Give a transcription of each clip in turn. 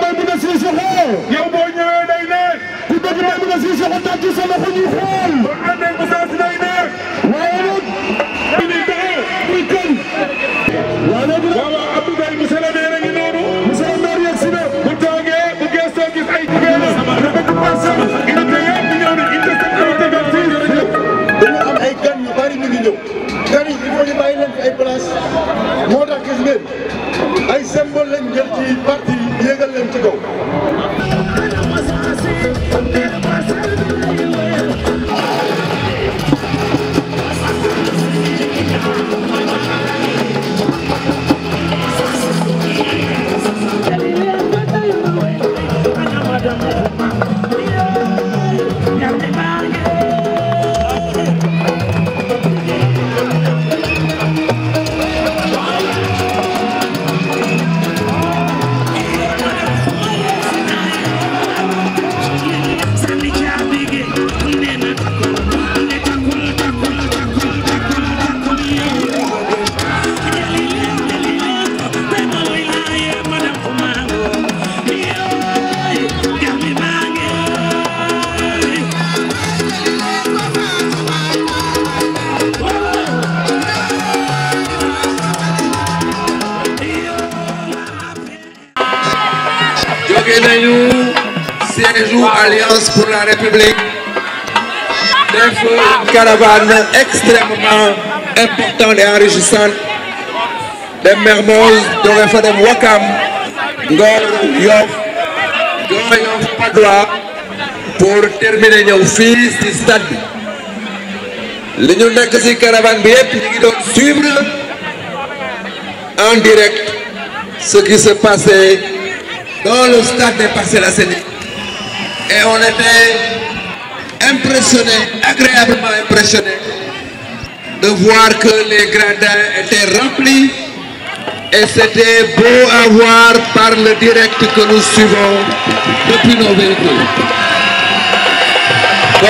may mun a siy si xool. yow boo ñëwee day nekk. ku bëgg may mun a siy si xool tàcc sa loxo xool. jóge nañu siège u alliance pour la république def caravane extrêmement importante et enrichissante de Mermoz doge dem Wakam Ngor Yoff Ngor pour terminer ñëw fii ci stade bi li ñu nekk ci en direct ce qui se passait dans le stade des Parcelles Assainies et on était impressionné, agréablement impressionné de voir que les gradins étaient remplis et c'était beau à voir par le direct que nous suivons depuis nos véhicules. Kon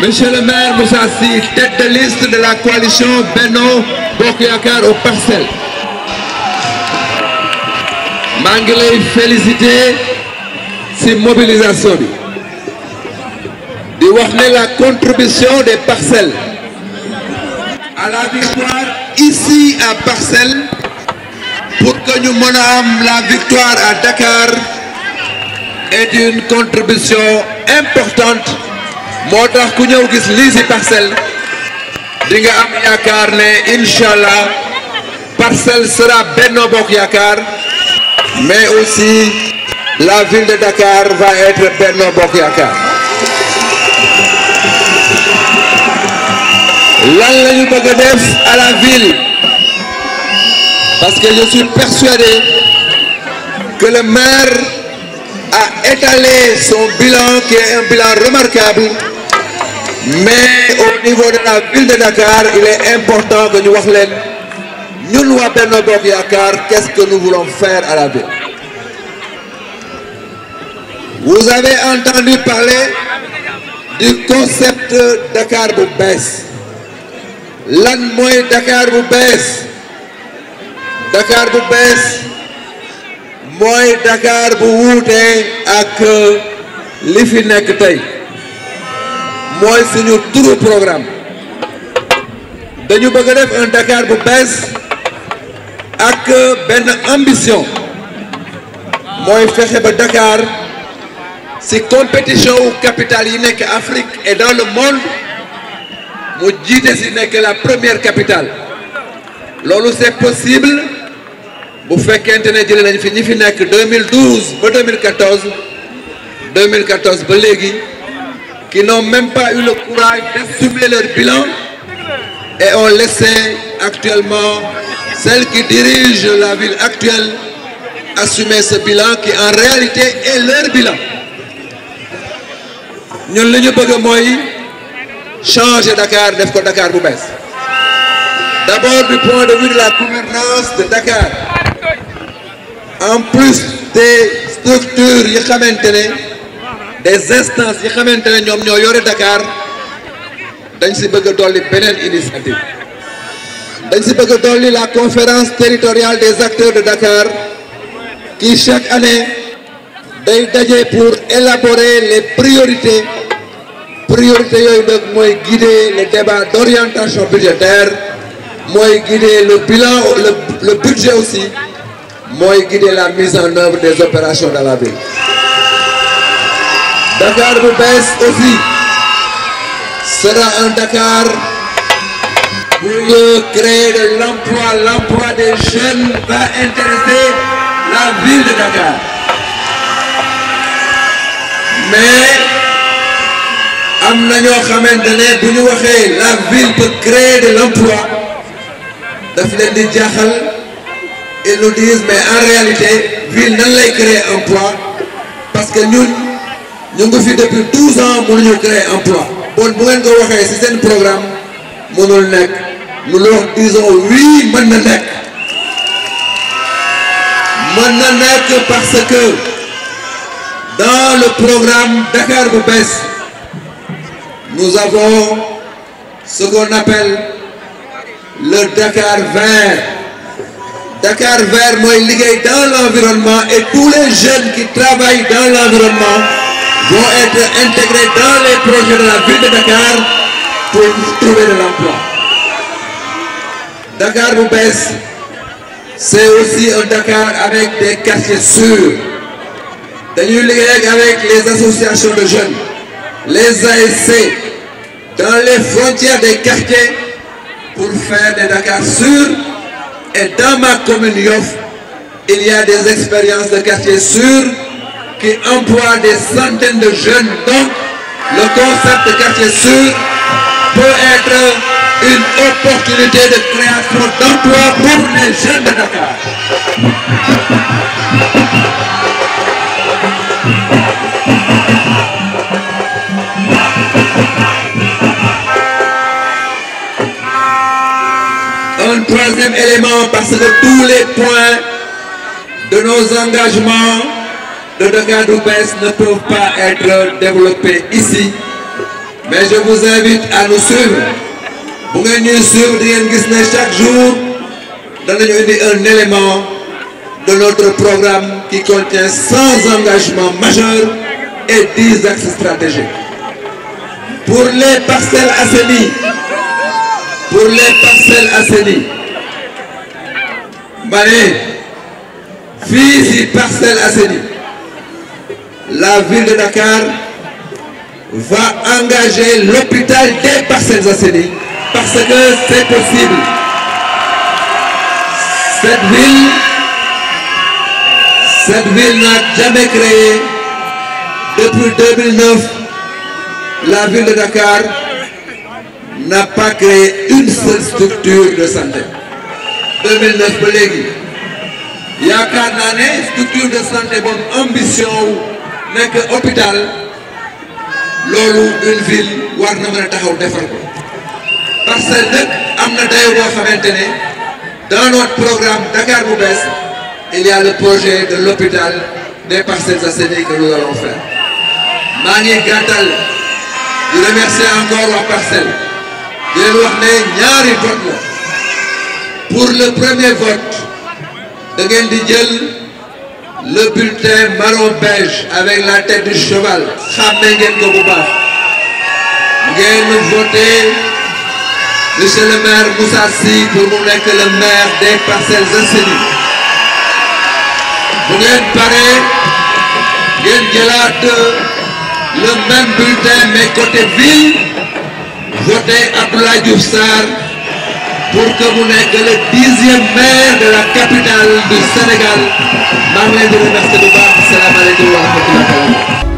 Monsieur le maire Moussa Sy, tête de liste de la coalition Benno Bokk Yakaar aux maa ngi lay féliciter ci mobilisation bi di wax ne la contribution des parcelles à la victoire ici à Parcelles pour que ñu mën a am la victoire à Dakar est une contribution importante moo tax ku ñëw gis lii ci Parcelles di nga am yaakaar ne incha allah Parcelles sera Benno Bokk Yaakaar mais aussi la ville de Dakar va être Benno Bokk Yaakaar lan la ñu bëgg a def à la ville parce que je suis persuadé que le maire a étalé son bilan qui est un bilan remarquable mais au niveau de la ville de Dakar il est important que ñu wax leen ñun waa Benno Bokk Yaakaar qu'est-ce que nous voulons faire à vous avez entendu parler du concept Dakar bu bees lan mooy Dakar bu bees Dakar bu bees mooy Dakar bu wuute ak li fi nekk tey mooy suñu turu programme dañu bëgg def un Dakar bu bees ak benn ambition mooy fexe ba Dakar ci compétition wu capitale yi nekk Afrique et dans le monde mu jiite ci nekk la première capitale loolu c'est possible bu fekkente ne jële nañ fi ñi fi nekk 2012 ba 2014 2014 ba léegi qui non même pas eu le courage d'assumer leur bilan et on laissé actuellement celle qui dirige la ville actuelle, assumer ce bilan qui en réalité est leur bilan. ñun li ñu bëgg mooy changer Dakar def ko Dakar bu bees d'abord du point de vue la gouvernance de Dakar en plus des structures yi xamante ne des instances yi xamante ne ñoom ñoo yore Dakar dañ si bëgg a dolli beneen initiative dañ si bëgg a la conférence territoriale des acteurs de Dakar qui chaque année day daje pour élaborer les priorités priorités yooyu nag mooy guider le débat d'orientation budgétaire mooy guider le bilan le, le aussi mooy guider la mise en œuvre des opérations dans la ville Dakar bu bees aussi sera un Dakar Vous voulez créer de Mais am na ñoo xamante ne bu ñu waxee la ville peut créer de l'emploi daf leen di jaaxal ils mais en réalité ville nañ lay créer emploi parce que ñun ñu ngi fi depuis 12 ans mënuñu créer emploi. bon bu ngeen ko waxee ci seen programme mënul nekk. nous leur disons oui mën na na nekk parce que dans le programme Dakar Bubes nous avons ce qu'on appelle le Dakar vert Dakar vert mooy liggéey dans l'environnement et tous les jeunes qui travaillent dans l'environnement vont être intégrés dans les projets de la ville de Dakar pour trouver de l'emploi Dakar bu bees c'est aussi un Dakar avec des quartiers sûrs dañuy liggéey les associations de jeunes les ASC dans les frontières des quartiers pour faire des Dakar sûrs et dans ma commune Yoff il y a des expériences de quartiers sûrs qui emploient des centaines de jeunes donc le concept de quartier sûr peut être une opportunité de création d'emplois pour les jeunes de Dakar. Un troisième élément, parce que tous les points de nos engagements de Dakar Roubaix ne peuvent pas être développés ici. Mais je vous invite à nous suivre. bu ngeen ñuy suivre di ngeen gis ne chaque jour danañu indi un élément de notre programme qui contient 100 engagements majeurs et 10 axes stratégiques. Pour les parcelles assainies, pour les parcelles assainies, la ville de Dakar va engager l'hôpital des Parcelles Assainies parce que c'est possible. Cette ville, cette ville n'a jamais créé, depuis la ville de Dakar n'a pas créé une seule structure de santé. ba léegi yaakaar naa ne structure de santé boobu ambition wu nekk hôpital loolu une ville war na mën a taxaw defar ko. parce que lépp am na dayo boo xamante ne programme Dakar bu bees il y a projet de l'hôpital des Parcelles Assainies que nous allons faire maa ngi gàttal di remercier encore waa Parcelles di leen wax ne ñaari vote la pour le premier vote da di jël le bulletin marron beige avec la tête cheval xam ngeen ko bu baax ngeen voté monsieur le maire Moussa pour mu nekk le maire des Parcelles Assainies bu ngeen paree ngeen jëlaat le bulletin mais côté ville voté Abdoulaye Diouf Sarr pour que mu nekk le dixième maire de la capitale du Sénégal maa ngi leen di remercier bu baax salaamaaleykum wa rahmatulah.